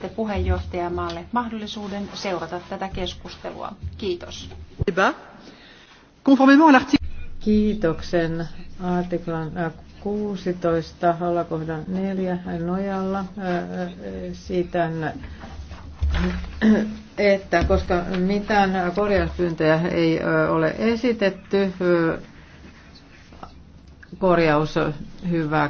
annatte puheenjohtajamaalle mahdollisuuden seurata tätä keskustelua. Kiitos. Kiitoksen artiklan 16 äh, alakohdan 4 nojalla äh, äh, siitä, että koska mitään korjauspyyntöjä ei ole esitetty, korjaus hyväksi.